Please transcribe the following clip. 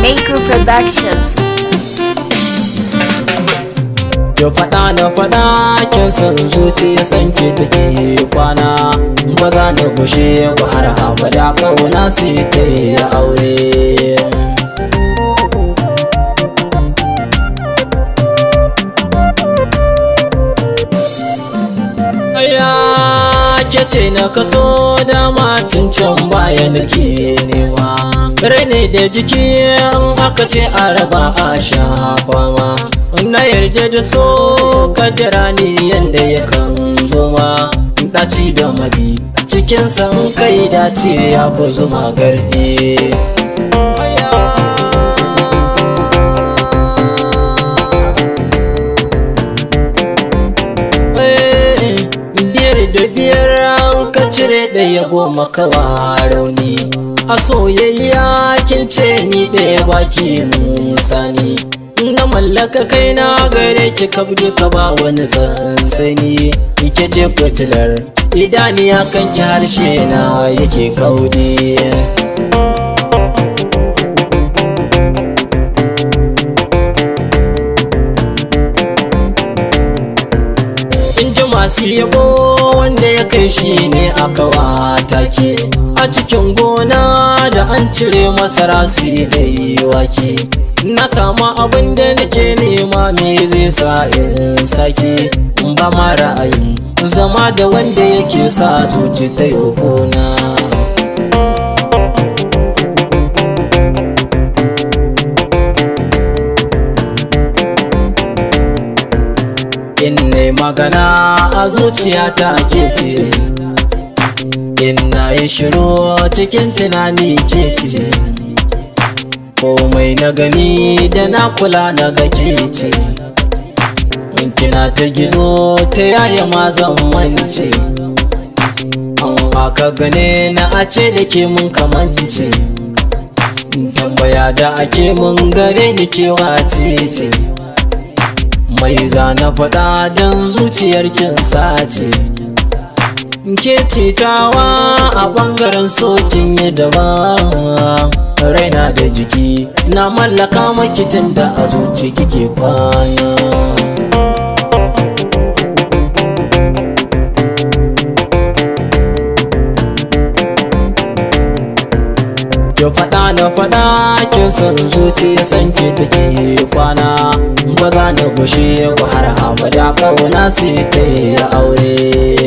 Maker Productions. Yo fada no fada, san zuciya san ke take kwana ba za na ba har abada kauna su ta yi aure ke ce na kaso da matin can baya nake nema rai ne da jiki aka ce a raba a shafa ma. na yarda da so jira ne yanda ya kan zoma ɗaci da mari cikin san kai dace ya fi zuma garɗi eh, da biyar an ka cire ɗaya goma kawa rauni a soyayya kin ce ni ɗaya baki musa sani. mallaka kaina gare ki kabde ka ba wani sansani kike ce fitilar idaniya kanki harshe na yake kaudi masu yabo wanda ya kai shi ne aka ke a cikin gona da an cire masara su dai wake na samu abin da nake nema me zai sa in sake ba ma ra'ayin zama da wanda yake sa zuci ta yi yofona magana a zuciya zuciyata ke ce ina yi shiru cikin tunani ke ce komai na gani da na kula na ga ke ce kina ta gizo ta yaya ma zan mance amma ka gane na a ce da ke mun kamance tambaya da ake mun gare ni ke wace ce mai na faɗa don zuciyar kin sace ke citawa a bangaren sokin yi daban raina da jiki na mallaka makitin da a zuci kike kwana da faɗa kin san zuciya san ki take kwana ba za na gushe ku har abada kauna sai ta aure